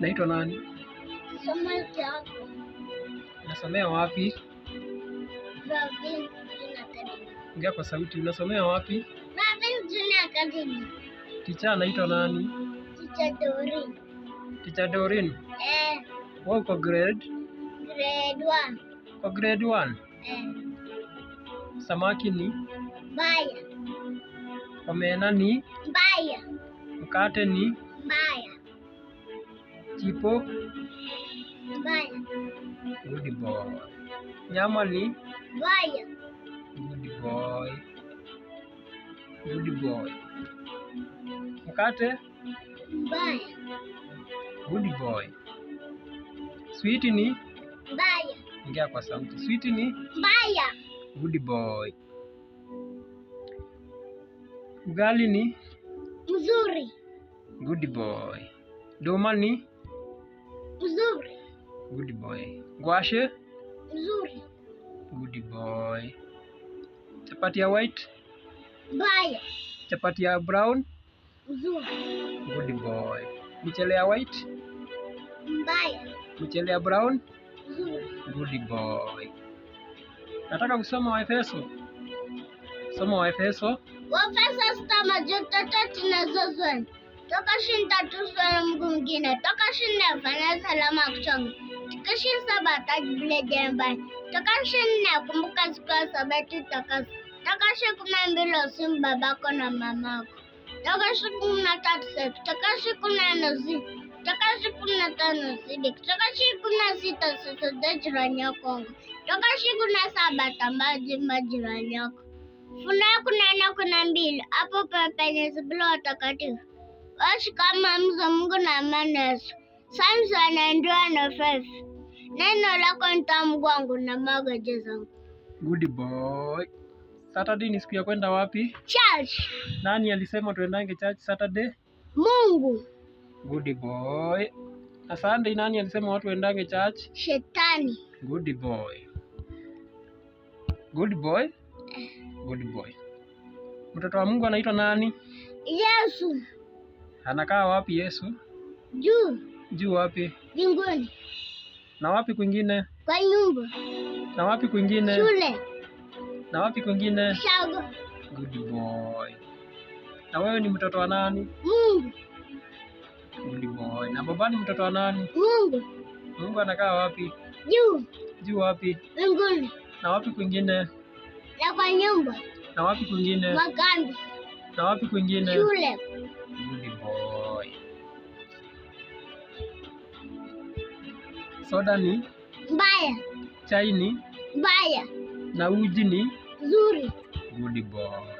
Naitwa nani? Unasomea wapi? Ongea kwa sauti. Unasomea wapi? Ticha anaitwa nani? Ticha Dorin. Ticha Dorin. Eh. Wewe uko grade? Grade 1. Kwa grade 1? Eh. Samaki ni mbaya. Omena ni mbaya. Mkate ni mbaya tipo vaya good boy nyamali vaya good boy good boy mkate vaya good boy sweet ni vaya ingia kwa sauti sweet ni vaya good boy ugali ni mzuri good boy doma ni Mzuri. Good boy. Ngwashe? Mzuri. Good boy. Chapati ya white? Mbaya. Chapati ya brown? Mzuri. Good boy. Michele ya white? Mbaya. Michele ya brown? Mzuri. Good boy. Nataka kusoma Waefeso. Soma Waefeso. Waefeso sita majota tatu na zozoni. Toka shinda tu swali mgumu mwingine toka shule fanya salama kusonga. Tukishi saba tajile jembani toka shule kumbuka siku ya sabati takasi toka shi kumi na mbili usimu babako na mamako toka shi kumi na tatu sefu toka shi kumi na nne usimu toka shi kumi na tano usibi toka shi kumi na sita sosode jirani yako toka shi kumi na saba tambaa jimba yako Funua kuna nne kuna mbili hapo penye sebilo watakatifu mzo Mungu na amani Yesu. Samson anaendewa na fefu. Neno lako nita Mungu wangu na magwaje zangu. Good boy. Saturday ni siku ya kwenda wapi? Church. Nani alisema tuendange church Saturday? Mungu. Good boy. Na Sunday nani alisema watu waendange church? Shetani. Good boy. Good boy. Eh. Good boy. Mtoto wa Mungu anaitwa nani? Yesu. Anakaa wapi Yesu? Juu. Juu wapi? Mbinguni. Na wapi kwingine? Kwa nyumba. Na wapi kwingine? Shule. Na wapi kwingine? Shago. Good boy. Na wewe ni mtoto wa nani? Mungu. Good boy. Na baba ni mtoto wa nani? Mungu. Mungu anakaa wapi? Juu. Juu wapi? Mbinguni. Na wapi kwingine? Na kwa nyumba. Na wapi kwingine? Kwa Na wapi kwingine? Shule. Good Soda ni mbaya, chai ni mbaya, na uji ni nzuri. Good boy.